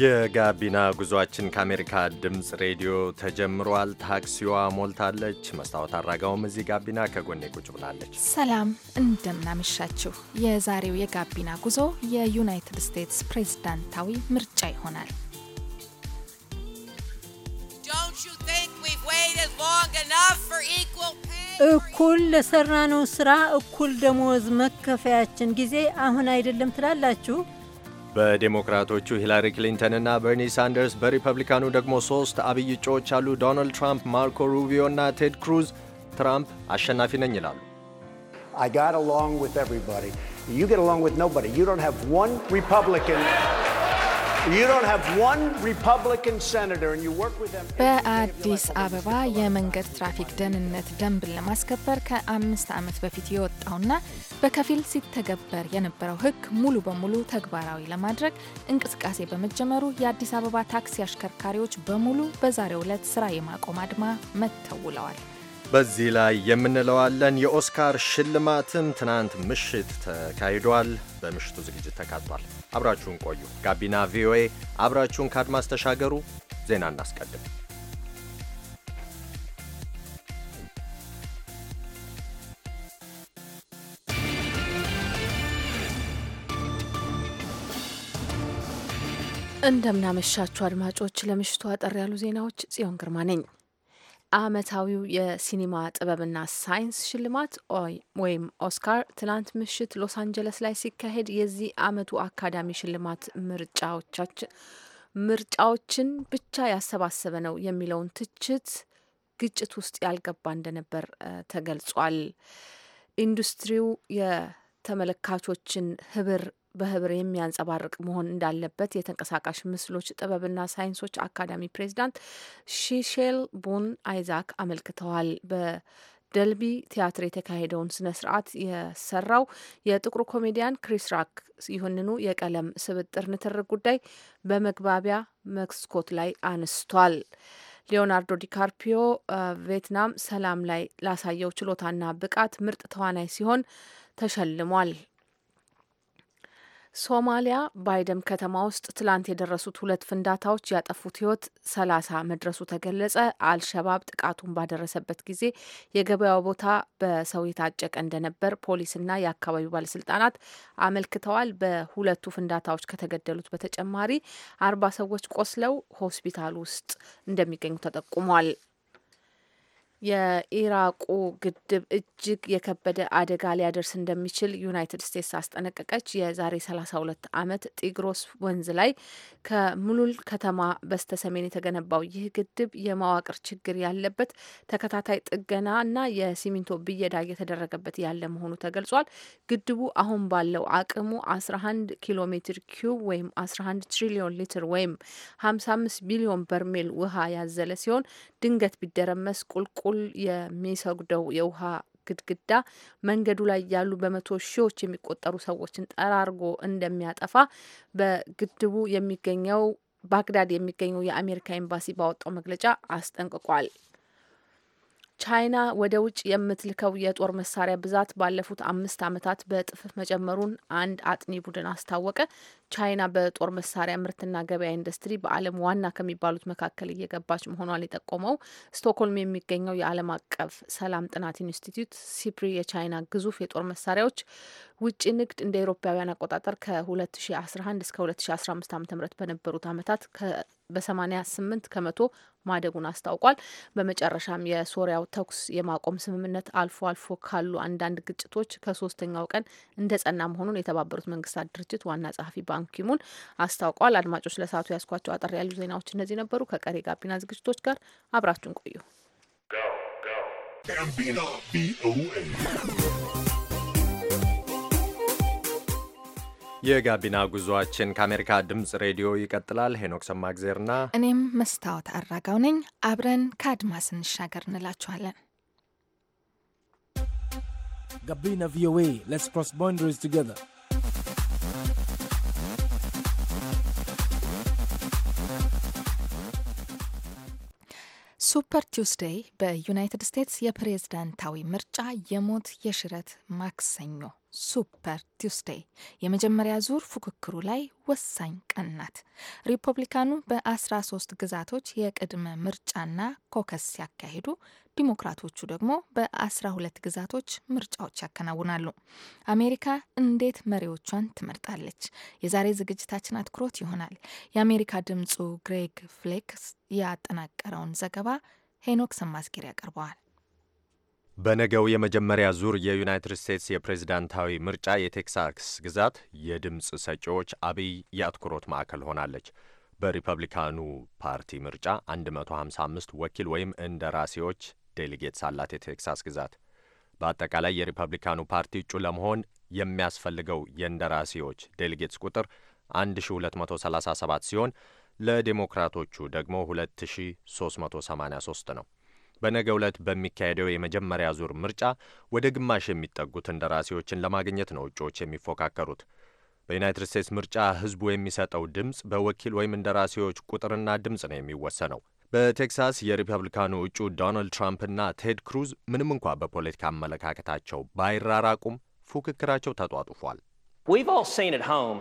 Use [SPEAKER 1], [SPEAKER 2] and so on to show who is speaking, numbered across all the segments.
[SPEAKER 1] የጋቢና ጉዟችን ከአሜሪካ ድምፅ ሬዲዮ ተጀምሯል። ታክሲዋ ሞልታለች። መስታወት አድራጋውም እዚህ ጋቢና ከጎኔ ቁጭ ብላለች።
[SPEAKER 2] ሰላም እንደምናመሻችሁ። የዛሬው የጋቢና ጉዞ የዩናይትድ ስቴትስ ፕሬዝዳንታዊ ምርጫ ይሆናል።
[SPEAKER 3] እኩል ለሰራነው ስራ እኩል ደሞዝ መከፈያችን ጊዜ አሁን አይደለም ትላላችሁ?
[SPEAKER 1] በዴሞክራቶቹ ሂላሪ ክሊንተንና በርኒ ሳንደርስ፣ በሪፐብሊካኑ ደግሞ ሶስት አብይ እጩዎች አሉ። ዶናልድ ትራምፕ፣ ማርኮ ሩቢዮ እና ቴድ ክሩዝ። ትራምፕ አሸናፊ ነኝ
[SPEAKER 4] ይላሉ። I got along with everybody. You get along with nobody. You don't have one Republican
[SPEAKER 2] በአዲስ አበባ የመንገድ ትራፊክ ደህንነት ደንብን ለማስከበር ከአምስት ዓመት በፊት የወጣውና በከፊል ሲተገበር የነበረው ሕግ ሙሉ በሙሉ ተግባራዊ ለማድረግ እንቅስቃሴ በመጀመሩ የአዲስ አበባ ታክሲ አሽከርካሪዎች በሙሉ በዛሬው ዕለት ስራ የማቆም አድማ መተውለዋል።
[SPEAKER 1] በዚህ ላይ የምንለዋለን። የኦስካር ሽልማትም ትናንት ምሽት ተካሂዷል። በምሽቱ ዝግጅት ተካቷል። አብራችሁን ቆዩ። ጋቢና ቪኦኤ አብራችሁን ከአድማስ ተሻገሩ። ዜና እናስቀድም።
[SPEAKER 5] እንደምናመሻችሁ አድማጮች፣ ለምሽቱ አጠር ያሉ ዜናዎች ጽዮን ግርማ ነኝ። ዓመታዊው የሲኒማ ጥበብና ሳይንስ ሽልማት ወይም ኦስካር ትናንት ምሽት ሎስ አንጀለስ ላይ ሲካሄድ የዚህ ዓመቱ አካዳሚ ሽልማት ምርጫዎቻችን ምርጫዎችን ብቻ ያሰባሰበ ነው የሚለውን ትችት ግጭት ውስጥ ያልገባ እንደነበር ተገልጿል። ኢንዱስትሪው የተመለካቾችን ህብር በህብር የሚያንጸባርቅ መሆን እንዳለበት የተንቀሳቃሽ ምስሎች ጥበብና ሳይንሶች አካዳሚ ፕሬዚዳንት ሺሼል ቡን አይዛክ አመልክተዋል። በደልቢ ቲያትር የተካሄደውን ስነ ስርዓት የሰራው የጥቁር ኮሜዲያን ክሪስ ራክ ይሁንኑ የቀለም ስብጥር ንትርክ ጉዳይ በመግባቢያ መስኮት ላይ አንስቷል። ሊዮናርዶ ዲካርፒዮ ቬትናም ሰላም ላይ ላሳየው ችሎታና ብቃት ምርጥ ተዋናይ ሲሆን ተሸልሟል። ሶማሊያ ባይደም ከተማ ውስጥ ትላንት የደረሱት ሁለት ፍንዳታዎች ያጠፉት ህይወት ሰላሳ መድረሱ ተገለጸ። አልሸባብ ጥቃቱን ባደረሰበት ጊዜ የገበያው ቦታ በሰው የታጨቀ እንደነበር ፖሊስና የአካባቢው ባለስልጣናት አመልክተዋል። በሁለቱ ፍንዳታዎች ከተገደሉት በተጨማሪ አርባ ሰዎች ቆስለው ሆስፒታል ውስጥ እንደሚገኙ ተጠቁሟል። የኢራቁ ግድብ እጅግ የከበደ አደጋ ሊያደርስ እንደሚችል ዩናይትድ ስቴትስ አስጠነቀቀች። የዛሬ 32 ዓመት ጢግሮስ ወንዝ ላይ ከሙሉል ከተማ በስተሰሜን የተገነባው ይህ ግድብ የመዋቅር ችግር ያለበት ተከታታይ ጥገና እና የሲሚንቶ ብየዳ እየተደረገበት ያለ መሆኑ ተገልጿል። ግድቡ አሁን ባለው አቅሙ 11 ኪሎ ሜትር ኪዩብ ወይም 11 ትሪሊዮን ሊትር ወይም 55 ቢሊዮን በርሜል ውሃ ያዘለ ሲሆን ድንገት ቢደረመስ ቁልቁል በቁልቁል የሚሰግደው የውሃ ግድግዳ መንገዱ ላይ ያሉ በመቶ ሺዎች የሚቆጠሩ ሰዎችን ጠራርጎ እንደሚያጠፋ በግድቡ የሚገኘው ባግዳድ የሚገኘው የአሜሪካ ኤምባሲ ባወጣው መግለጫ አስጠንቅቋል። ቻይና ወደ ውጭ የምትልከው የጦር መሳሪያ ብዛት ባለፉት አምስት ዓመታት በእጥፍ መጨመሩን አንድ አጥኒ ቡድን አስታወቀ። ቻይና በጦር መሳሪያ ምርትና ገበያ ኢንዱስትሪ በዓለም ዋና ከሚባሉት መካከል እየገባች መሆኗን የጠቆመው ስቶክሆልም የሚገኘው የዓለም አቀፍ ሰላም ጥናት ኢንስቲትዩት ሲፕሪ የቻይና ግዙፍ የጦር መሳሪያዎች ውጭ ንግድ እንደ ኤሮፓውያን አቆጣጠር ከ2011 እስከ 2015 ዓ ም በነበሩት ዓመታት በ88 ከመቶ ማደጉን አስታውቋል። በመጨረሻም የሶሪያው ተኩስ የማቆም ስምምነት አልፎ አልፎ ካሉ አንዳንድ ግጭቶች ከሶስተኛው ቀን እንደጸና መሆኑን የተባበሩት መንግስታት ድርጅት ዋና ጸሐፊ ባንኪሙን አስታውቋል። አድማጮች ለሰዓቱ ያስኳቸው አጠር ያሉ ዜናዎች እነዚህ ነበሩ። ከቀሪ ጋቢና ዝግጅቶች ጋር አብራችሁን ቆዩ።
[SPEAKER 1] የጋቢና ጉዞአችን ከአሜሪካ ድምፅ ሬዲዮ ይቀጥላል። ሄኖክ ሰማግዜርና
[SPEAKER 2] እኔም መስታወት አራጋው ነኝ። አብረን ከአድማስ እንሻገር እንላችኋለን።
[SPEAKER 4] ጋቢና ቪኦኤ ሌትስ ክሮስ ቦንደሪስ ቱጌዘር
[SPEAKER 2] ሱፐር ቲውስዴይ በዩናይትድ ስቴትስ የፕሬዝዳንታዊ ምርጫ የሞት የሽረት ማክሰኞ ሱፐር ቲውስዴይ የመጀመሪያ ዙር ፉክክሩ ላይ ወሳኝ ቀን ናት። ሪፐብሊካኑ በ13 ግዛቶች የቅድመ ምርጫና ኮከስ ሲያካሂዱ፣ ዲሞክራቶቹ ደግሞ በ12 ግዛቶች ምርጫዎች ያከናውናሉ። አሜሪካ እንዴት መሪዎቿን ትመርጣለች? የዛሬ ዝግጅታችን አትኩሮት ይሆናል። የአሜሪካ ድምጹ ግሬግ ፍሌክስ ያጠናቀረውን ዘገባ ሄኖክ ሰማስጌር ያቀርበዋል።
[SPEAKER 1] በነገው የመጀመሪያ ዙር የዩናይትድ ስቴትስ የፕሬዝዳንታዊ ምርጫ የቴክሳስ ግዛት የድምፅ ሰጪዎች አብይ የአትኩሮት ማዕከል ሆናለች። በሪፐብሊካኑ ፓርቲ ምርጫ 155 ወኪል ወይም እንደራሴዎች ዴሊጌትስ አላት የቴክሳስ ግዛት። በአጠቃላይ የሪፐብሊካኑ ፓርቲ እጩ ለመሆን የሚያስፈልገው የእንደራሴዎች ዴሊጌትስ ቁጥር 1237 ሲሆን ለዴሞክራቶቹ ደግሞ 2383 ነው። በነገ ዕለት በሚካሄደው የመጀመሪያ ዙር ምርጫ ወደ ግማሽ የሚጠጉት እንደራሴዎችን ለማግኘት ነው እጩዎች የሚፎካከሩት። በዩናይትድ ስቴትስ ምርጫ ህዝቡ የሚሰጠው ድምፅ በወኪል ወይም እንደራሴዎች ቁጥርና ድምፅ ነው የሚወሰነው። በቴክሳስ የሪፐብሊካኑ እጩ ዶናልድ ትራምፕና ቴድ ክሩዝ ምንም እንኳ በፖለቲካ አመለካከታቸው ባይራራቁም ፉክክራቸው ተጧጡፏል።
[SPEAKER 4] We've all seen at home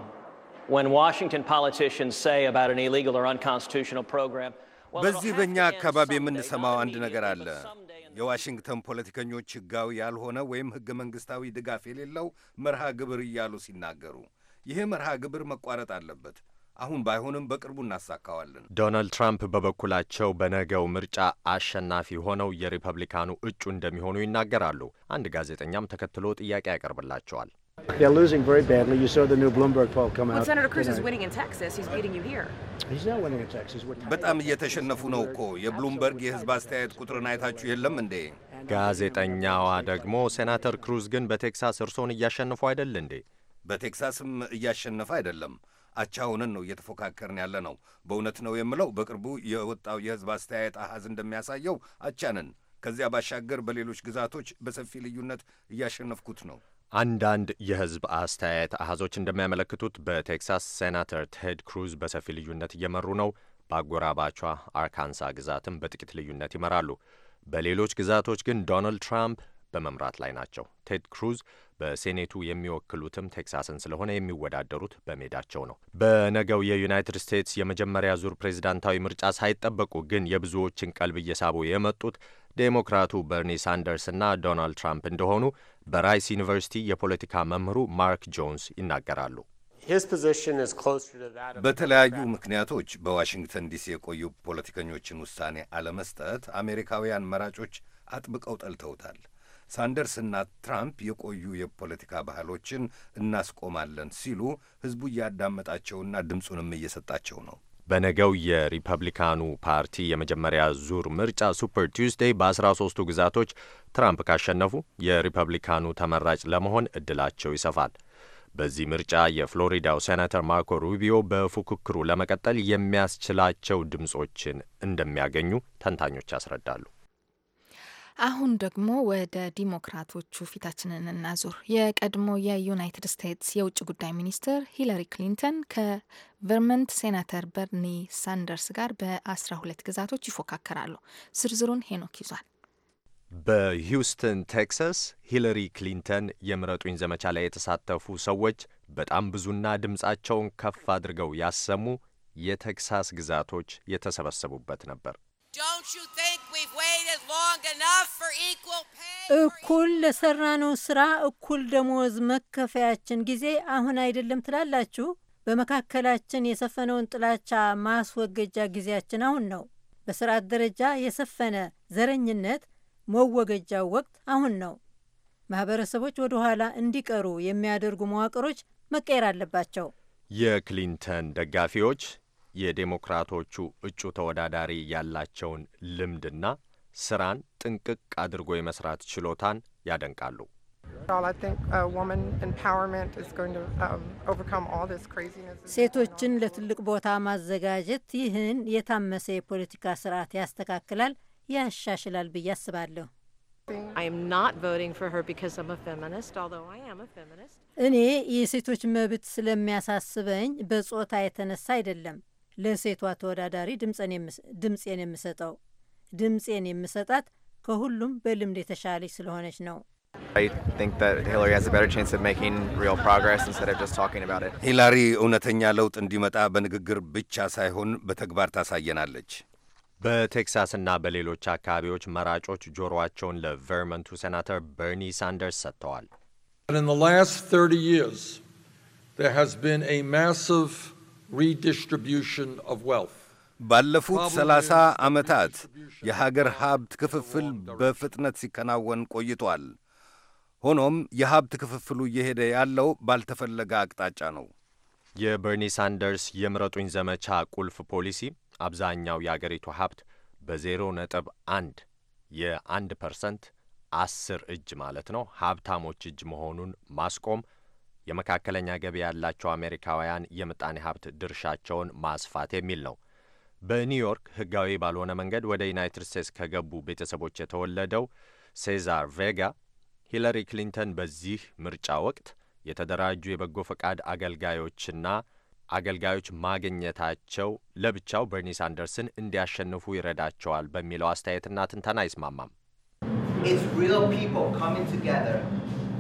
[SPEAKER 4] when Washington politicians say about an illegal or unconstitutional program በዚህ በእኛ
[SPEAKER 6] አካባቢ የምንሰማው አንድ ነገር አለ። የዋሽንግተን ፖለቲከኞች ሕጋዊ ያልሆነ ወይም ሕገ መንግሥታዊ ድጋፍ የሌለው መርሃ ግብር እያሉ ሲናገሩ፣ ይህ መርሃ ግብር መቋረጥ አለበት። አሁን ባይሆንም በቅርቡ እናሳካዋለን።
[SPEAKER 1] ዶናልድ ትራምፕ በበኩላቸው በነገው ምርጫ አሸናፊ ሆነው የሪፐብሊካኑ እጩ እንደሚሆኑ ይናገራሉ። አንድ ጋዜጠኛም ተከትሎ ጥያቄ ያቀርብላቸዋል።
[SPEAKER 4] They're losing very badly. You saw the new Bloomberg poll come out. Senator Cruz is
[SPEAKER 7] winning in Texas, he's beating you here.
[SPEAKER 1] በጣም እየተሸነፉ ነው እኮ።
[SPEAKER 6] የብሉምበርግ የህዝብ አስተያየት ቁጥርን አይታችሁ የለም
[SPEAKER 1] እንዴ? ጋዜጠኛዋ ደግሞ ሴናተር ክሩዝ ግን በቴክሳስ እርሶን እያሸንፉ አይደል እንዴ? በቴክሳስም እያሸነፈ አይደለም።
[SPEAKER 6] አቻውንን ነው እየተፎካከርን ያለ ነው። በእውነት ነው የምለው፣ በቅርቡ የወጣው የህዝብ አስተያየት አሐዝ እንደሚያሳየው አቻንን። ከዚያ ባሻገር በሌሎች ግዛቶች በሰፊ ልዩነት እያሸነፍኩት ነው።
[SPEAKER 1] አንዳንድ የህዝብ አስተያየት አሃዞች እንደሚያመለክቱት በቴክሳስ ሴናተር ቴድ ክሩዝ በሰፊ ልዩነት እየመሩ ነው። በአጎራባቿ አርካንሳ ግዛትም በጥቂት ልዩነት ይመራሉ። በሌሎች ግዛቶች ግን ዶናልድ ትራምፕ በመምራት ላይ ናቸው። ቴድ ክሩዝ በሴኔቱ የሚወክሉትም ቴክሳስን ስለሆነ የሚወዳደሩት በሜዳቸው ነው። በነገው የዩናይትድ ስቴትስ የመጀመሪያ ዙር ፕሬዝዳንታዊ ምርጫ ሳይጠበቁ ግን የብዙዎችን ቀልብ እየሳቡ የመጡት ዴሞክራቱ በርኒ ሳንደርስ እና ዶናልድ ትራምፕ እንደሆኑ በራይስ ዩኒቨርሲቲ የፖለቲካ መምህሩ ማርክ ጆንስ ይናገራሉ። በተለያዩ ምክንያቶች በዋሽንግተን ዲሲ የቆዩ ፖለቲከኞችን ውሳኔ
[SPEAKER 6] አለመስጠት አሜሪካውያን መራጮች አጥብቀው ጠልተውታል። ሳንደርስና ትራምፕ የቆዩ የፖለቲካ ባህሎችን እናስቆማለን ሲሉ ህዝቡ እያዳመጣቸውና ድምፁንም እየሰጣቸው ነው።
[SPEAKER 1] በነገው የሪፐብሊካኑ ፓርቲ የመጀመሪያ ዙር ምርጫ ሱፐር ቱስዴይ በአስራ ሶስቱ ግዛቶች ትራምፕ ካሸነፉ የሪፐብሊካኑ ተመራጭ ለመሆን እድላቸው ይሰፋል። በዚህ ምርጫ የፍሎሪዳው ሴናተር ማርኮ ሩቢዮ በፉክክሩ ለመቀጠል የሚያስችላቸው ድምጾችን እንደሚያገኙ ተንታኞች ያስረዳሉ።
[SPEAKER 2] አሁን ደግሞ ወደ ዲሞክራቶቹ ፊታችንን እናዙር። የቀድሞ የዩናይትድ ስቴትስ የውጭ ጉዳይ ሚኒስትር ሂለሪ ክሊንተን ከቨርመንት ሴናተር በርኒ ሳንደርስ ጋር በአስራ ሁለት ግዛቶች ይፎካከራሉ። ዝርዝሩን ሄኖክ ይዟል።
[SPEAKER 1] በሂውስተን ቴክሳስ፣ ሂለሪ ክሊንተን የምረጡኝ ዘመቻ ላይ የተሳተፉ ሰዎች በጣም ብዙና ድምፃቸውን ከፍ አድርገው ያሰሙ የቴክሳስ ግዛቶች የተሰበሰቡበት ነበር።
[SPEAKER 3] እኩል ለሰራነው ስራ እኩል ደሞዝ መከፈያችን ጊዜ አሁን አይደለም ትላላችሁ? በመካከላችን የሰፈነውን ጥላቻ ማስወገጃ ጊዜያችን አሁን ነው። በስርዓት ደረጃ የሰፈነ ዘረኝነት መወገጃው ወቅት አሁን ነው። ማህበረሰቦች ወደ ኋላ እንዲቀሩ የሚያደርጉ መዋቅሮች መቀየር አለባቸው።
[SPEAKER 1] የክሊንተን ደጋፊዎች የዴሞክራቶቹ እጩ ተወዳዳሪ ያላቸውን ልምድና ስራን ጥንቅቅ አድርጎ የመስራት ችሎታን ያደንቃሉ።
[SPEAKER 3] um, ሴቶችን ለትልቅ ቦታ ማዘጋጀት ይህን የታመሰ የፖለቲካ ስርዓት ያስተካክላል፣ ያሻሽላል ብዬ አስባለሁ። እኔ የሴቶች መብት ስለሚያሳስበኝ በጾታ የተነሳ አይደለም። ለሴቷ ተወዳዳሪ ድምፄን የምሰጠው ድምፄን የምሰጣት ከሁሉም በልምድ የተሻለች ስለሆነች ነው።
[SPEAKER 6] ሂላሪ እውነተኛ
[SPEAKER 1] ለውጥ እንዲመጣ በንግግር ብቻ ሳይሆን በተግባር ታሳየናለች። በቴክሳስና በሌሎች አካባቢዎች መራጮች ጆሮአቸውን ለቨርመንቱ ሴናተር በርኒ ሳንደርስ ሰጥተዋል።
[SPEAKER 6] ባለፉት ሰላሳ ዓመታት የሀገር ሀብት ክፍፍል በፍጥነት ሲከናወን ቆይቷል። ሆኖም የሀብት ክፍፍሉ እየሄደ ያለው ባልተፈለገ አቅጣጫ ነው።
[SPEAKER 1] የበርኒ ሳንደርስ የምረጡኝ ዘመቻ ቁልፍ ፖሊሲ አብዛኛው የአገሪቱ ሀብት በዜሮ ነጥብ አንድ የአንድ ፐርሰንት አስር እጅ ማለት ነው ሀብታሞች እጅ መሆኑን ማስቆም የመካከለኛ ገቢ ያላቸው አሜሪካውያን የምጣኔ ሀብት ድርሻቸውን ማስፋት የሚል ነው። በኒውዮርክ ህጋዊ ባልሆነ መንገድ ወደ ዩናይትድ ስቴትስ ከገቡ ቤተሰቦች የተወለደው ሴዛር ቬጋ ሂለሪ ክሊንተን በዚህ ምርጫ ወቅት የተደራጁ የበጎ ፈቃድ አገልጋዮችና አገልጋዮች ማግኘታቸው ለብቻው በርኒ ሳንደርስን እንዲያሸንፉ ይረዳቸዋል በሚለው አስተያየትና ትንተና አይስማማም።
[SPEAKER 6] It's real people coming together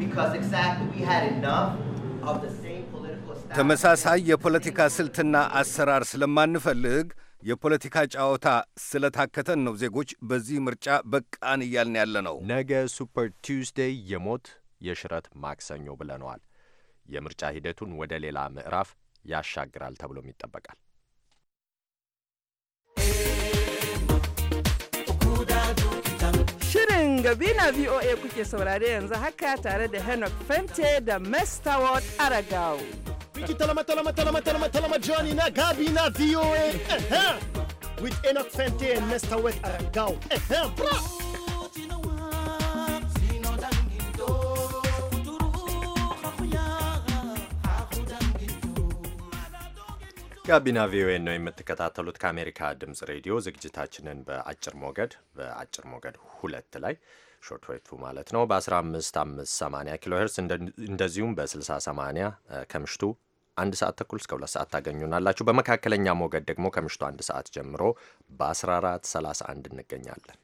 [SPEAKER 6] because exactly we had enough
[SPEAKER 1] ተመሳሳይ
[SPEAKER 6] የፖለቲካ ስልትና አሰራር ስለማንፈልግ የፖለቲካ ጨዋታ ስለታከተን
[SPEAKER 1] ነው ዜጎች በዚህ ምርጫ በቃን እያልን ያለ ነው። ነገ ሱፐር ቱስዴይ የሞት የሽረት ማክሰኞ ብለነዋል። የምርጫ ሂደቱን ወደ ሌላ ምዕራፍ ያሻግራል ተብሎም ይጠበቃል። gabi na VOA kuke saurare yanzu haka
[SPEAKER 5] tare da Henok Fente da Mr. Ward Aragaw. Wiki talama talama talama talama
[SPEAKER 4] talama Johnny na Gabi na VOA. Eh, eh. With Henok Fente and Mr. Ward eh, Bra!
[SPEAKER 1] ጋቢና ቪኦኤ ነው የምትከታተሉት። ከአሜሪካ ድምፅ ሬዲዮ ዝግጅታችንን በአጭር ሞገድ በአጭር ሞገድ ሁለት ላይ ሾርትዌቱ ማለት ነው በ15580 ኪሎ ሄርስ እንደዚሁም በ6080 ከምሽቱ አንድ ሰዓት ተኩል እስከ ሁለት ሰዓት ታገኙናላችሁ። በመካከለኛ ሞገድ ደግሞ ከምሽቱ አንድ ሰዓት ጀምሮ በ1431 እንገኛለን።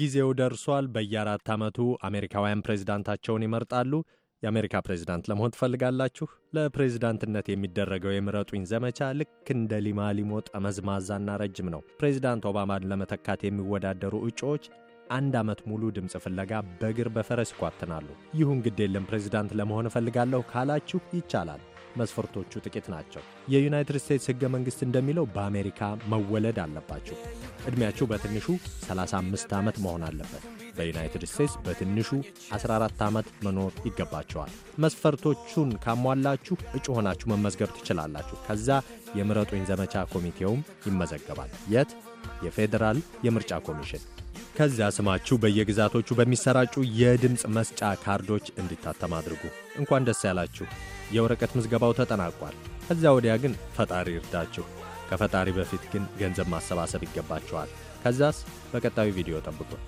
[SPEAKER 1] ጊዜው ደርሷል። በየአራት ዓመቱ አሜሪካውያን ፕሬዚዳንታቸውን ይመርጣሉ። የአሜሪካ ፕሬዚዳንት ለመሆን ትፈልጋላችሁ? ለፕሬዚዳንትነት የሚደረገው የምረጡኝ ዘመቻ ልክ እንደ ሊማሊሞ ጠመዝማዛና ረጅም ነው። ፕሬዚዳንት ኦባማን ለመተካት የሚወዳደሩ እጩዎች አንድ ዓመት ሙሉ ድምፅ ፍለጋ በእግር በፈረስ ይኳትናሉ። ይሁን ግድ የለም ፕሬዚዳንት ለመሆን እፈልጋለሁ ካላችሁ ይቻላል። መስፈርቶቹ ጥቂት ናቸው። የዩናይትድ ስቴትስ ሕገ መንግሥት እንደሚለው በአሜሪካ መወለድ አለባችሁ። ዕድሜያችሁ በትንሹ 35 ዓመት መሆን አለበት። በዩናይትድ ስቴትስ በትንሹ 14 ዓመት መኖር ይገባቸዋል። መስፈርቶቹን ካሟላችሁ እጩ ሆናችሁ መመዝገብ ትችላላችሁ። ከዛ የምረጡኝ ዘመቻ ኮሚቴውም ይመዘገባል። የት? የፌዴራል የምርጫ ኮሚሽን። ከዚያ ስማችሁ በየግዛቶቹ በሚሰራጩ የድምፅ መስጫ ካርዶች እንዲታተም አድርጉ። እንኳን ደስ ያላችሁ! የወረቀት ምዝገባው ተጠናቋል። ከዚያ ወዲያ ግን ፈጣሪ ይርዳችሁ። ከፈጣሪ በፊት ግን ገንዘብ ማሰባሰብ ይገባችኋል። ከዛስ በቀጣዩ ቪዲዮ ጠብቁን።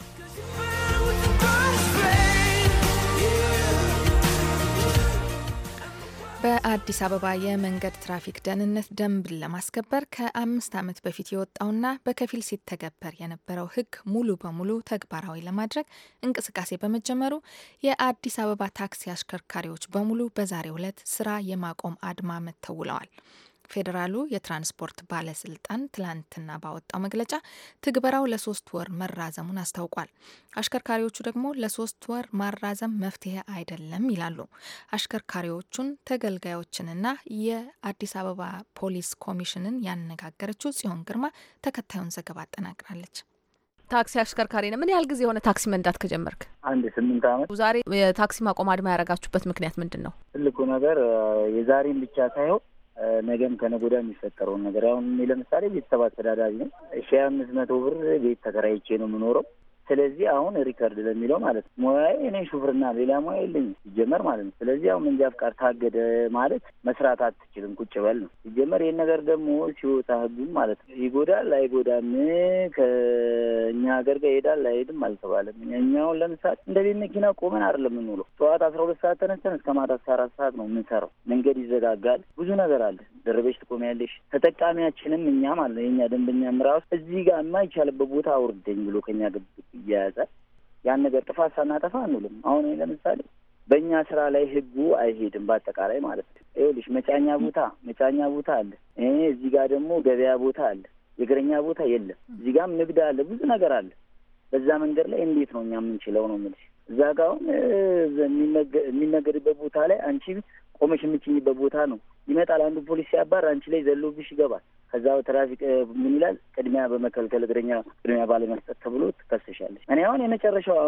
[SPEAKER 2] በአዲስ አበባ የመንገድ ትራፊክ ደህንነት ደንብን ለማስከበር ከአምስት ዓመት በፊት የወጣውና በከፊል ሲተገበር የነበረው ሕግ ሙሉ በሙሉ ተግባራዊ ለማድረግ እንቅስቃሴ በመጀመሩ የአዲስ አበባ ታክሲ አሽከርካሪዎች በሙሉ በዛሬው ዕለት ስራ የማቆም አድማ መተውለዋል። ፌዴራሉ የትራንስፖርት ባለስልጣን ትላንትና ባወጣው መግለጫ ትግበራው ለሶስት ወር መራዘሙን አስታውቋል። አሽከርካሪዎቹ ደግሞ ለሶስት ወር ማራዘም መፍትሄ አይደለም ይላሉ። አሽከርካሪዎቹን፣ ተገልጋዮችንና የአዲስ አበባ ፖሊስ ኮሚሽንን ያነጋገረችው ጽዮን ግርማ ተከታዩን ዘገባ አጠናቅራለች።
[SPEAKER 5] ታክሲ አሽከርካሪ ነው። ምን ያህል ጊዜ የሆነ ታክሲ መንዳት ከጀመርክ?
[SPEAKER 8] አንድ ስምንት ዓመት።
[SPEAKER 5] ዛሬ የታክሲ ማቆም አድማ ያደረጋችሁበት ምክንያት ምንድን ነው?
[SPEAKER 8] ትልቁ ነገር የዛሬን ብቻ ሳይሆን ነገም ከነጎዳ የሚፈጠረውን ነገር አሁን ለምሳሌ ቤተሰብ አስተዳዳሪ ነው። ሺ አምስት መቶ ብር ቤት ተከራይቼ ነው የምኖረው። ስለዚህ አሁን ሪከርድ ለሚለው ማለት ነው ሙያዬ እኔ ሹፍርና ሌላ ሙያ የለኝ ሲጀመር ማለት ነው። ስለዚህ አሁን መንጃ ፍቃድ ታገደ ማለት መስራት አትችልም፣ ቁጭ በል ነው ሲጀመር። ይህን ነገር ደግሞ ሲወጣ ህጉም ማለት ነው ይጎዳል አይጎዳም፣ ከእኛ ሀገር ጋር ይሄዳል አይሄድም አልተባለም። እኛውን ለምሳሌ እንደ ቤት መኪና ቆመን አይደለም የምንውለው። ጠዋት አስራ ሁለት ሰዓት ተነስተን እስከ ማታ አስራ አራት ሰዓት ነው የምንሰራው። መንገድ ይዘጋጋል፣ ብዙ ነገር አለ። ደረበሽ ትቆሚያለሽ። ተጠቃሚያችንም እኛ ማለት ነው ደንበኛ ደንበኛም ራሱ እዚህ ጋር የማይቻልበት ቦታ አውርደኝ ብሎ ከኛ ግብ ይያያዛል። ያን ነገር ጥፋት ሳናጠፋ አንውልም። አሁን ለምሳሌ በእኛ ስራ ላይ ህጉ አይሄድም በአጠቃላይ ማለት ነው። ይኸውልሽ መጫኛ ቦታ መጫኛ ቦታ አለ፣ እዚህ ጋር ደግሞ ገበያ ቦታ አለ፣ የእግረኛ ቦታ የለም፣ እዚህ ጋም ንግድ አለ፣ ብዙ ነገር አለ። በዛ መንገድ ላይ እንዴት ነው እኛ የምንችለው ነው የምልሽ። እዛ ጋ አሁን የሚነገድበት ቦታ ላይ አንቺ ቆመሽ የምችኝበት ቦታ ነው። ይመጣል አንዱ ፖሊስ ሲያባር አንቺ ላይ ዘሎብሽ ይገባል። ከዛ ትራፊክ ምን ይላል? ቅድሚያ በመከልከል እግረኛ ቅድሚያ ባለመስጠት ተብሎ ትከሰሻለች። እኔ አሁን የመጨረሻው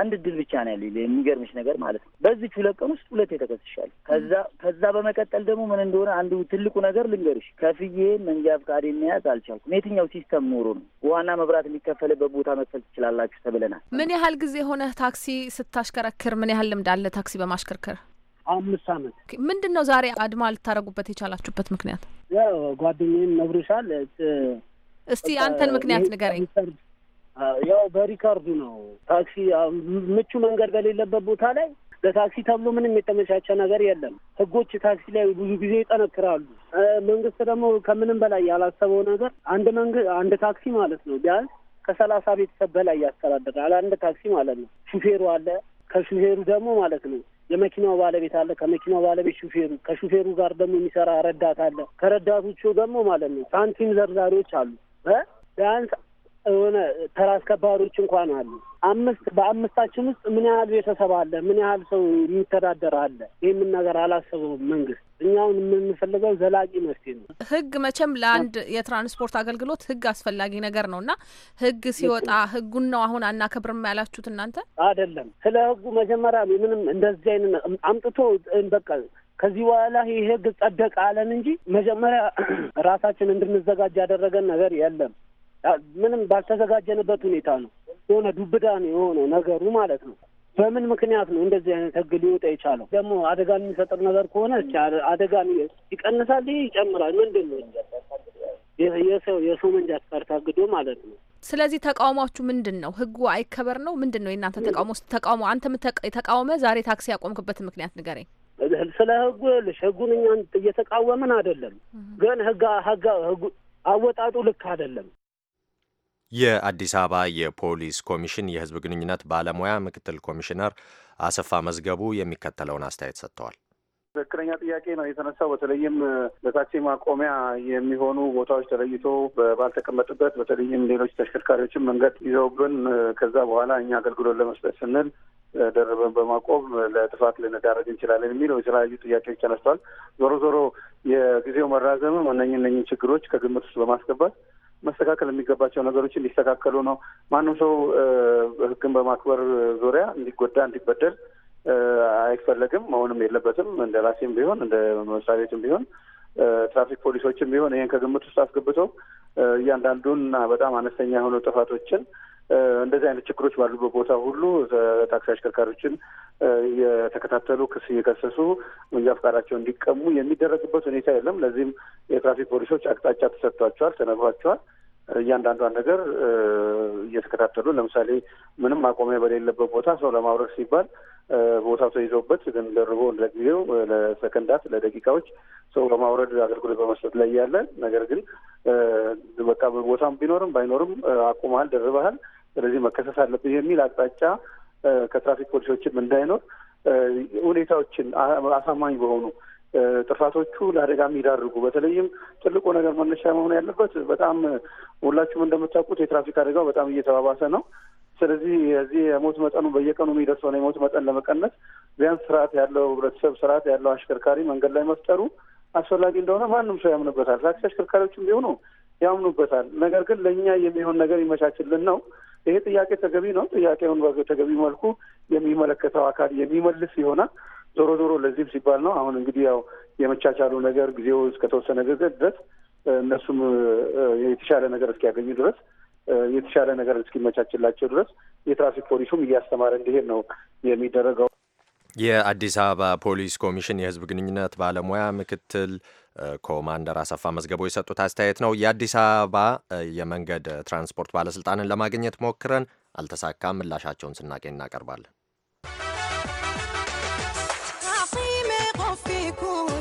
[SPEAKER 8] አንድ እድል ብቻ ነው ያለኝ የሚገርምሽ ነገር ማለት ነው። በዚች ሁለት ቀን ውስጥ ሁለቴ ተከስሻለሁ። ከዛ ከዛ በመቀጠል ደግሞ ምን እንደሆነ አንዱ ትልቁ ነገር ልንገርሽ፣ ከፍዬ መንጃ ፍቃድ መያዝ አልቻልኩም። የትኛው ሲስተም ኖሮ ነው? ውሃና መብራት የሚከፈልበት ቦታ መክፈል ትችላላችሁ ተብለናል።
[SPEAKER 5] ምን ያህል ጊዜ ሆነ ታክሲ ስታሽከረክር? ምን ያህል ልምድ አለ ታክሲ በማሽከርከር? አምስት አመት ምንድን ነው ዛሬ አድማ ልታደርጉበት የቻላችሁበት ምክንያት?
[SPEAKER 4] ያው ጓደኛዬም ነግሮሻል። እስቲ አንተን ምክንያት ንገረኝ። ያው በሪካርዱ ነው ታክሲ ምቹ መንገድ በሌለበት ቦታ ላይ ለታክሲ ተብሎ ምንም የተመቻቸ ነገር የለም። ህጎች ታክሲ ላይ ብዙ ጊዜ ይጠነክራሉ። መንግስት ደግሞ ከምንም በላይ ያላሰበው ነገር አንድ መንግ አንድ ታክሲ ማለት ነው ቢያንስ ከሰላሳ ቤተሰብ በላይ ያስተዳድራል። አንድ ታክሲ ማለት ነው። ሹፌሩ አለ ከሹፌሩ ደግሞ ማለት ነው የመኪናው ባለቤት አለ፣ ከመኪናው ባለቤት ሹፌሩ፣ ከሹፌሩ ጋር ደግሞ የሚሰራ ረዳት አለ፣ ከረዳቶቹ ደግሞ ማለት ነው ሳንቲም ዘርዛሪዎች አሉ። ቢያንስ የሆነ ተራ አስከባሪዎች እንኳን አሉ። አምስት በአምስታችን ውስጥ ምን ያህል ቤተሰብ አለ? ምን ያህል ሰው የሚተዳደር አለ? ይህንን ነገር አላሰበውም መንግስት። እኛውን የምንፈልገው ዘላቂ መፍትሄ ነው።
[SPEAKER 5] ህግ መቼም ለአንድ የትራንስፖርት አገልግሎት ህግ አስፈላጊ ነገር ነው እና ህግ ሲወጣ ህጉን ነው አሁን አናከብርም ያላችሁት እናንተ አይደለም።
[SPEAKER 4] ስለ ህጉ መጀመሪያ ምንም እንደዚህ አይነት አምጥቶ በቃ ከዚህ በኋላ ይህ ህግ ጸደቅ አለን እንጂ መጀመሪያ ራሳችን እንድንዘጋጅ ያደረገን ነገር የለም። ምንም ባልተዘጋጀንበት ሁኔታ ነው የሆነ ዱብዳ ነው የሆነው ነገሩ ማለት ነው። በምን ምክንያት ነው እንደዚህ አይነት ህግ ሊወጣ የቻለው? ደግሞ አደጋ የሚፈጥር ነገር ከሆነ አደጋ ይቀንሳል ይጨምራል? ምንድን ነው የሰው የሰው መንጃ ፈቃድ ታግዶ ማለት ነው።
[SPEAKER 5] ስለዚህ ተቃውሟችሁ ምንድን ነው? ህጉ አይከበር ነው ምንድን ነው የእናንተ ተቃውሞ? ውስጥ ተቃውሞ አንተ የተቃወመ ዛሬ ታክሲ ያቆምክበት ምክንያት ንገረኝ።
[SPEAKER 4] ስለ ህጉ ልሽ ህጉን እኛ እየተቃወምን አይደለም፣ ግን ህግ አወጣጡ ልክ አይደለም።
[SPEAKER 1] የአዲስ አበባ የፖሊስ ኮሚሽን የህዝብ ግንኙነት ባለሙያ ምክትል ኮሚሽነር አሰፋ መዝገቡ የሚከተለውን አስተያየት ሰጥተዋል።
[SPEAKER 9] ትክክለኛ ጥያቄ ነው የተነሳው። በተለይም ለታክሲ ማቆሚያ የሚሆኑ ቦታዎች ተለይቶ ባልተቀመጡበት፣ በተለይም ሌሎች ተሽከርካሪዎችን መንገድ ይዘውብን ከዛ በኋላ እኛ አገልግሎት ለመስጠት ስንል ደርበን በማቆም ለጥፋት ልንዳረግ እንችላለን የሚለው የተለያዩ ጥያቄዎች ተነስተዋል። ዞሮ ዞሮ የጊዜው መራዘምም እነኝ እነኝን ችግሮች ከግምት ውስጥ በማስገባት መስተካከል የሚገባቸው ነገሮች እንዲስተካከሉ ነው። ማንም ሰው ህግን በማክበር ዙሪያ እንዲጎዳ እንዲበደል አይፈለግም፣ መሆንም የለበትም። እንደ ራሴም ቢሆን እንደ መስሪያ ቤትም ቢሆን ትራፊክ ፖሊሶችም ቢሆን ይህን ከግምት ውስጥ አስገብተው እያንዳንዱን በጣም አነስተኛ የሆኑ ጥፋቶችን እንደዚህ አይነት ችግሮች ባሉበት ቦታ ሁሉ ታክሲ አሽከርካሪዎችን እየተከታተሉ ክስ እየከሰሱ መንጃ ፈቃዳቸው እንዲቀሙ የሚደረግበት ሁኔታ የለም። ለዚህም የትራፊክ ፖሊሶች አቅጣጫ ተሰጥቷቸዋል፣ ተነግሯቸዋል። እያንዳንዷን ነገር እየተከታተሉ ለምሳሌ ምንም ማቆሚያ በሌለበት ቦታ ሰው ለማውረድ ሲባል ቦታው ተይዞበት ግን ደርቦ ለጊዜው ለሰከንዳት ለደቂቃዎች ሰው በማውረድ አገልግሎት በመስጠት ላይ ያለ ነገር ግን በቃ ቦታም ቢኖርም ባይኖርም አቁመሃል፣ ደርበሃል፣ ስለዚህ መከሰስ አለብህ የሚል አቅጣጫ ከትራፊክ ፖሊሲዎችም እንዳይኖር ሁኔታዎችን አሳማኝ በሆኑ ጥፋቶቹ ለአደጋ የሚዳርጉ በተለይም ትልቁ ነገር መነሻ መሆን ያለበት በጣም ሁላችሁም እንደምታውቁት የትራፊክ አደጋው በጣም እየተባባሰ ነው። ስለዚህ የዚህ የሞት መጠኑ በየቀኑ ሆነ የሞት መጠን ለመቀነስ ቢያንስ ስርዓት ያለው ህብረተሰብ፣ ስርዓት ያለው አሽከርካሪ መንገድ ላይ መፍጠሩ አስፈላጊ እንደሆነ ማንም ሰው ያምንበታል። ታክሲ አሽከርካሪዎችም ቢሆኑ ያምኑበታል። ነገር ግን ለእኛ የሚሆን ነገር ይመቻችልን ነው። ይሄ ጥያቄ ተገቢ ነው። ጥያቄውን በተገቢ መልኩ የሚመለከተው አካል የሚመልስ ይሆናል። ዞሮ ዞሮ ለዚህም ሲባል ነው። አሁን እንግዲህ ያው የመቻቻሉ ነገር ጊዜው እስከተወሰነ ድረስ እነሱም የተሻለ ነገር እስኪያገኙ ድረስ የተሻለ ነገር እስኪመቻችላቸው ድረስ የትራፊክ ፖሊሱም እያስተማረ እንዲሄድ ነው የሚደረገው።
[SPEAKER 1] የአዲስ አበባ ፖሊስ ኮሚሽን የህዝብ ግንኙነት ባለሙያ ምክትል ኮማንደር አሰፋ መዝገቦ የሰጡት አስተያየት ነው። የአዲስ አበባ የመንገድ ትራንስፖርት ባለስልጣንን ለማግኘት ሞክረን አልተሳካም። ምላሻቸውን ስናቄ እናቀርባለን።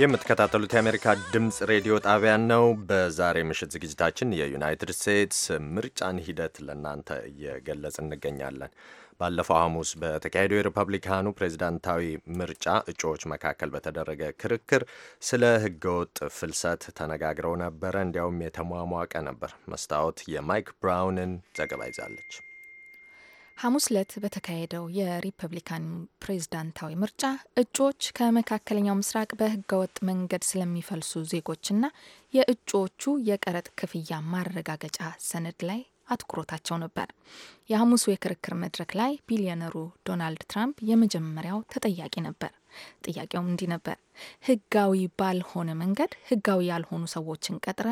[SPEAKER 1] የምትከታተሉት የአሜሪካ ድምፅ ሬዲዮ ጣቢያን ነው። በዛሬ ምሽት ዝግጅታችን የዩናይትድ ስቴትስ ምርጫን ሂደት ለእናንተ እየገለጽ እንገኛለን። ባለፈው ሐሙስ በተካሄደው የሪፐብሊካኑ ፕሬዚዳንታዊ ምርጫ እጩዎች መካከል በተደረገ ክርክር ስለ ህገወጥ ፍልሰት ተነጋግረው ነበረ። እንዲያውም የተሟሟቀ ነበር። መስታወት የማይክ ብራውንን ዘገባ ይዛለች።
[SPEAKER 2] ሐሙስ ዕለት በተካሄደው የሪፐብሊካን ፕሬዝዳንታዊ ምርጫ እጩዎች ከመካከለኛው ምስራቅ በህገወጥ መንገድ ስለሚፈልሱ ዜጎችና የእጩዎቹ የቀረጥ ክፍያ ማረጋገጫ ሰነድ ላይ አትኩሮታቸው ነበር። የሐሙሱ የክርክር መድረክ ላይ ቢሊዮነሩ ዶናልድ ትራምፕ የመጀመሪያው ተጠያቂ ነበር። ጥያቄውም እንዲህ ነበር፣ ህጋዊ ባልሆነ መንገድ ህጋዊ ያልሆኑ ሰዎችን ቀጥረ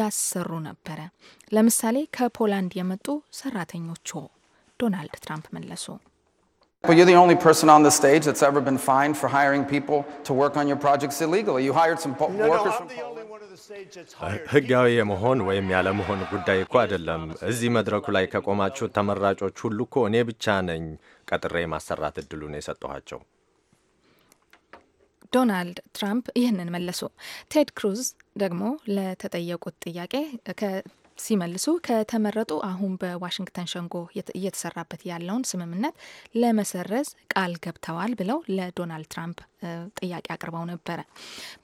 [SPEAKER 2] ያሰሩ ነበረ። ለምሳሌ ከፖላንድ የመጡ ሰራተኞች ዶናልድ ትራምፕ መለሱ። Well, you're the only person on the stage that's ever been fined for hiring people to
[SPEAKER 4] work on your projects illegally. You hired some no, workers no, from Poland.
[SPEAKER 1] ህጋዊ የመሆን ወይም ያለመሆን ጉዳይ እኮ አይደለም። እዚህ መድረኩ ላይ ከቆማችሁ ተመራጮች ሁሉ እኮ እኔ ብቻ ነኝ ቀጥሬ የማሰራት እድሉን የሰጠኋቸው።
[SPEAKER 2] ዶናልድ ትራምፕ ይህንን መለሱ። ቴድ ክሩዝ ደግሞ ለተጠየቁት ጥያቄ ሲመልሱ ከተመረጡ አሁን በዋሽንግተን ሸንጎ እየተሰራበት ያለውን ስምምነት ለመሰረዝ ቃል ገብተዋል ብለው ለዶናልድ ትራምፕ ጥያቄ አቅርበው ነበረ።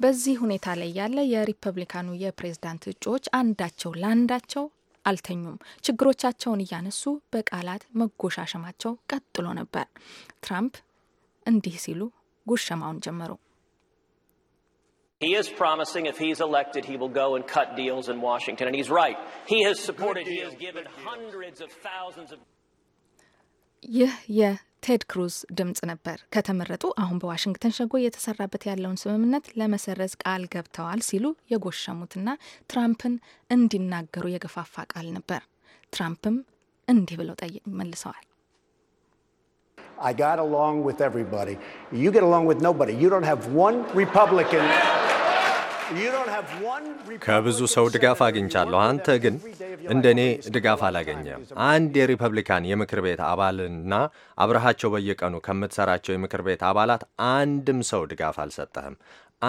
[SPEAKER 2] በዚህ ሁኔታ ላይ ያለ የሪፐብሊካኑ የፕሬዝዳንት እጩዎች አንዳቸው ለአንዳቸው አልተኙም። ችግሮቻቸውን እያነሱ በቃላት መጎሻሸማቸው ቀጥሎ ነበር። ትራምፕ እንዲህ ሲሉ ጉሸማውን ጀመሩ።
[SPEAKER 4] He is promising if he's elected, he will go and cut deals in Washington. And he's right. He has supported, he has given hundreds of thousands of.
[SPEAKER 2] ይህ የቴድ ክሩዝ ድምጽ ነበር። ከተመረጡ አሁን በዋሽንግተን ሸንጎ እየተሰራበት ያለውን ስምምነት ለመሰረዝ ቃል ገብተዋል ሲሉ የጎሸሙትና ትራምፕን እንዲናገሩ የገፋፋ ቃል ነበር። ትራምፕም እንዲህ ብለው መልሰዋል።
[SPEAKER 4] I got along with everybody. You get along with nobody. You don't have one Republican
[SPEAKER 1] ከብዙ ሰው ድጋፍ አግኝቻለሁ። አንተ ግን እንደ እኔ ድጋፍ አላገኘም። አንድ የሪፐብሊካን የምክር ቤት አባልና አብረሃቸው በየቀኑ ከምትሰራቸው የምክር ቤት አባላት አንድም ሰው ድጋፍ አልሰጠህም።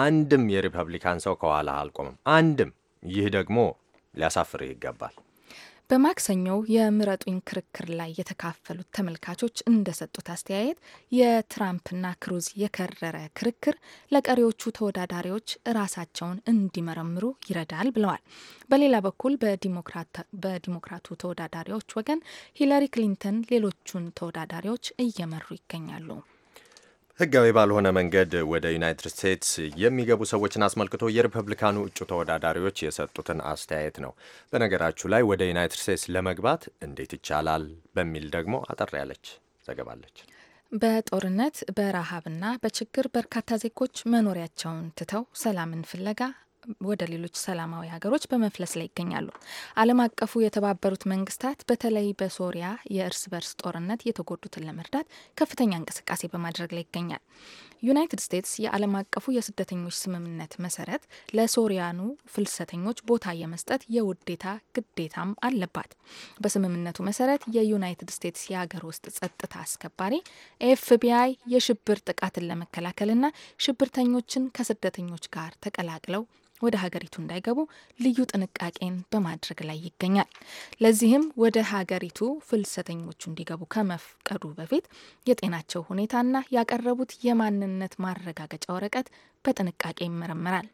[SPEAKER 1] አንድም የሪፐብሊካን ሰው ከኋላ አልቆምም። አንድም። ይህ ደግሞ ሊያሳፍርህ ይገባል።
[SPEAKER 2] በማክሰኞው የምረጡኝ ክርክር ላይ የተካፈሉት ተመልካቾች እንደሰጡት አስተያየት የትራምፕና ክሩዝ የከረረ ክርክር ለቀሪዎቹ ተወዳዳሪዎች ራሳቸውን እንዲመረምሩ ይረዳል ብለዋል። በሌላ በኩል በዲሞክራቱ ተወዳዳሪዎች ወገን ሂለሪ ክሊንተን ሌሎቹን ተወዳዳሪዎች እየመሩ ይገኛሉ።
[SPEAKER 1] ህጋዊ ባልሆነ መንገድ ወደ ዩናይትድ ስቴትስ የሚገቡ ሰዎችን አስመልክቶ የሪፐብሊካኑ እጩ ተወዳዳሪዎች የሰጡትን አስተያየት ነው። በነገራችሁ ላይ ወደ ዩናይትድ ስቴትስ ለመግባት እንዴት ይቻላል በሚል ደግሞ አጠር ያለች ዘገባለች።
[SPEAKER 2] በጦርነት በረሃብና በችግር በርካታ ዜጎች መኖሪያቸውን ትተው ሰላምን ፍለጋ ወደ ሌሎች ሰላማዊ ሀገሮች በመፍለስ ላይ ይገኛሉ። ዓለም አቀፉ የተባበሩት መንግስታት በተለይ በሶሪያ የእርስ በርስ ጦርነት የተጎዱትን ለመርዳት ከፍተኛ እንቅስቃሴ በማድረግ ላይ ይገኛል። ዩናይትድ ስቴትስ የዓለም አቀፉ የስደተኞች ስምምነት መሰረት ለሶሪያኑ ፍልሰተኞች ቦታ የመስጠት የውዴታ ግዴታም አለባት። በስምምነቱ መሰረት የዩናይትድ ስቴትስ የሀገር ውስጥ ጸጥታ አስከባሪ ኤፍቢአይ የሽብር ጥቃትን ለመከላከልና ሽብርተኞችን ከስደተኞች ጋር ተቀላቅለው ወደ ሀገሪቱ እንዳይገቡ ልዩ ጥንቃቄን በማድረግ ላይ ይገኛል። ለዚህም ወደ ሀገሪቱ ፍልሰተኞቹ እንዲገቡ ከመፍቀዱ በፊት የጤናቸው ሁኔታና ያቀረቡት የማንነት ማረጋገጫ ወረቀት በጥንቃቄ ይመረምራል።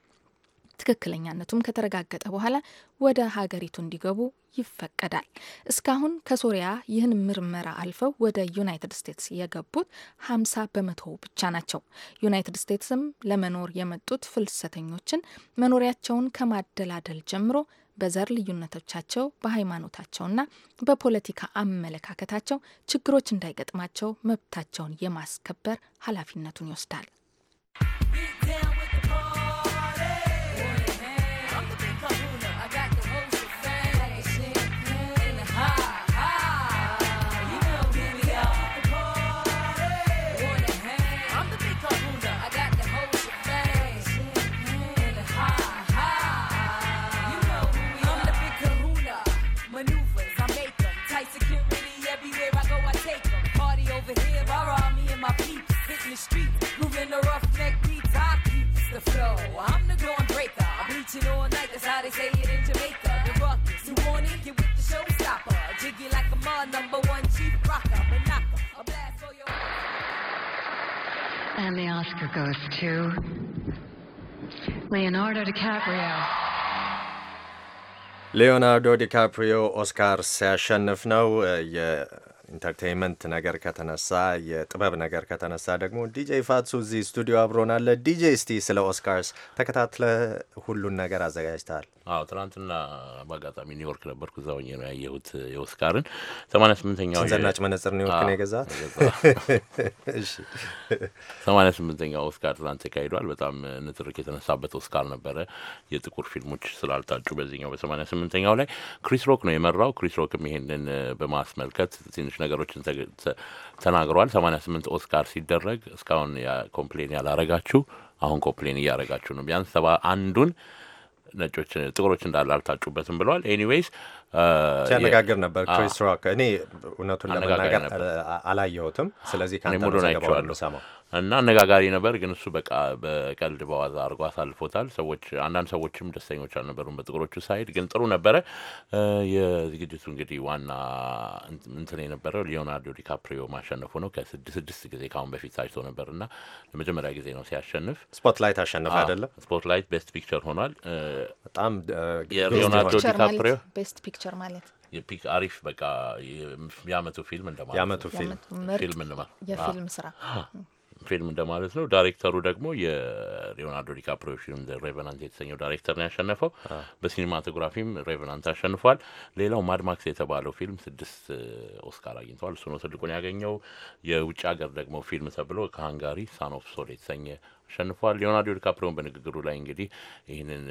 [SPEAKER 2] ትክክለኛነቱም ከተረጋገጠ በኋላ ወደ ሀገሪቱ እንዲገቡ ይፈቀዳል። እስካሁን ከሶሪያ ይህን ምርመራ አልፈው ወደ ዩናይትድ ስቴትስ የገቡት 50 በመቶ ብቻ ናቸው። ዩናይትድ ስቴትስም ለመኖር የመጡት ፍልሰተኞችን መኖሪያቸውን ከማደላደል ጀምሮ በዘር ልዩነቶቻቸው በሃይማኖታቸውና በፖለቲካ አመለካከታቸው ችግሮች እንዳይገጥማቸው መብታቸውን የማስከበር ኃላፊነቱን ይወስዳል።
[SPEAKER 3] Leonardo DiCaprio.
[SPEAKER 1] ሊዮናርዶ ዲካፕሪዮ ኦስካር ሲያሸንፍ ነው። ኢንተርቴይንመንት ነገር ከተነሳ የጥበብ ነገር ከተነሳ ደግሞ ዲጄ ፋትሱ እዚህ ስቱዲዮ አብሮናለ። ዲጄ እስቲ
[SPEAKER 7] ስለ ኦስካርስ ተከታትለ ሁሉን ነገር አዘጋጅተሃል? አዎ፣ ትናንትና በአጋጣሚ ኒውዮርክ ነበርኩ። እዛ ሆኜ ነው ያየሁት የኦስካርን ሰማንያ ስምንተኛው ዘናጭ መነጽር ኒውዮርክ ነው የገዛት። ሰማንያ ስምንተኛው ኦስካር ትናንት ተካሂዷል። በጣም ንትርክ የተነሳበት ኦስካር ነበረ። የጥቁር ፊልሞች ስላልታጩ በዚህኛው በሰማንያ ስምንተኛው ላይ ክሪስ ሮክ ነው የመራው። ክሪስ ሮክም ይሄንን በማስመልከት ትንሽ ትንሽ ነገሮችን ተናግረዋል። 88 ኦስካር ሲደረግ እስካሁን ኮምፕሌን ያላረጋችሁ አሁን ኮምፕሌን እያረጋችሁ ነው። ቢያንስ ሰባ አንዱን ነጮች ጥቁሮች እንዳለ አልታጩበትም ብለዋል። ኤኒዌይስ ሲያነጋግር ነበር ክሪስ ሮክ። እኔ እውነቱን ለመናገር አላየሁትም። ስለዚህ ከአንተ ነው ዘገባውን የምሰማው። እና አነጋጋሪ ነበር። ግን እሱ በቃ በቀልድ በዋዛ አድርጎ አሳልፎታል። ሰዎች አንዳንድ ሰዎችም ደስተኞች አልነበሩም በጥቁሮቹ ሳይድ፣ ግን ጥሩ ነበረ። የዝግጅቱ እንግዲህ ዋና እንትን የነበረው ሊዮናርዶ ዲካፕሪዮ ማሸነፉ ነው። ከስድስት ጊዜ ከአሁን በፊት ታጭቶ ነበር እና ለመጀመሪያ ጊዜ ነው ሲያሸንፍ። ስፖትላይት አሸነፈ አይደለም? ስፖትላይት ቤስት ፒክቸር ሆኗል። በጣም ሊዮናርዶ ዲካፕሪዮ
[SPEAKER 2] ቤስት ፒክቸር ማለት
[SPEAKER 7] የፒክ አሪፍ በቃ የአመቱ ፊልም እንደማለት የአመቱ ፊልም ፊልም እንደማለት የፊልም ስራ ፊልም እንደማለት ነው። ዳይሬክተሩ ደግሞ የሊዮናርዶ ዲካፕሪዮ ፊልም ሬቨናንት የተሰኘው ዳይሬክተር ነው ያሸነፈው። በሲኒማቶግራፊም ሬቨናንት አሸንፏል። ሌላው ማድማክስ የተባለው ፊልም ስድስት ኦስካር አግኝተዋል። እሱ ነው ትልቁን ያገኘው። የውጭ ሀገር ደግሞ ፊልም ተብሎ ከሃንጋሪ ሳን ኦፍ ሶል የተሰኘ አሸንፏል። ሊዮናርዶ ዲካፕሪዮን በንግግሩ ላይ እንግዲህ ይህንን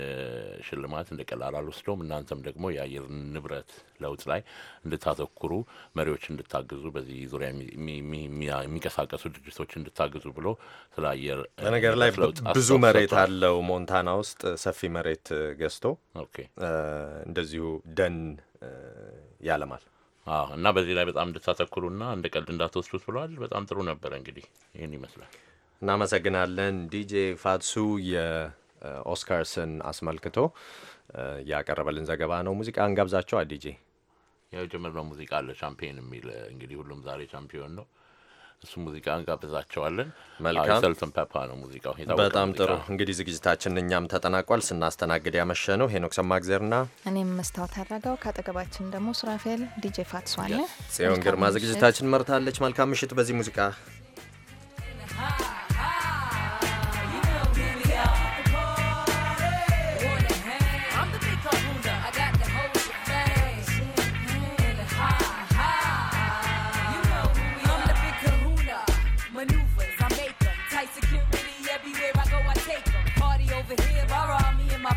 [SPEAKER 7] ሽልማት እንደ ቀላል አልወስደውም፣ እናንተም ደግሞ የአየር ንብረት ለውጥ ላይ እንድታተኩሩ መሪዎች እንድታግዙ፣ በዚህ ዙሪያ የሚንቀሳቀሱ ድርጅቶች እንድታግዙ ብሎ ስለ አየር በነገር ላይ ብዙ መሬት አለው። ሞንታና ውስጥ ሰፊ መሬት ገዝቶ እንደዚሁ ደን ያለማል እና በዚህ ላይ በጣም እንድታተኩሩና እንደ ቀልድ እንዳትወስዱት ብለዋል። በጣም ጥሩ ነበረ። እንግዲህ ይህን ይመስላል። እናመሰግናለን ዲጄ ፋትሱ
[SPEAKER 1] የኦስካርስን አስመልክቶ ያቀረበልን ዘገባ ነው። ሙዚቃ እንጋብዛቸዋል። ዲጄ
[SPEAKER 7] የጀመርነው ሙዚቃ አለ ሻምፒዮን የሚል እንግዲህ ሁሉም ዛሬ ሻምፒዮን ነው። እሱ ሙዚቃ እንጋብዛቸዋለን። መልካም ሰልትን ፐፓ ነው ሙዚቃው። በጣም ጥሩ
[SPEAKER 1] እንግዲህ ዝግጅታችን እኛም ተጠናቋል። ስናስተናግድ ያመሸ ነው ሄኖክ ሰማግዜርና
[SPEAKER 2] እኔም መስታወት አድረገው ከአጠገባችን ደግሞ ሱራፌል ዲጄ ፋትሷለ ጽዮን ግርማ ዝግጅታችን
[SPEAKER 1] መርታለች። መልካም ምሽት በዚህ ሙዚቃ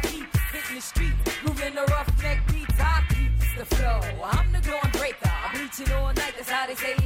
[SPEAKER 2] my hitting the streets, moving the roughneck beats. I keep the flow. I'm the going breaker. I'm reaching all night. That's how they say it.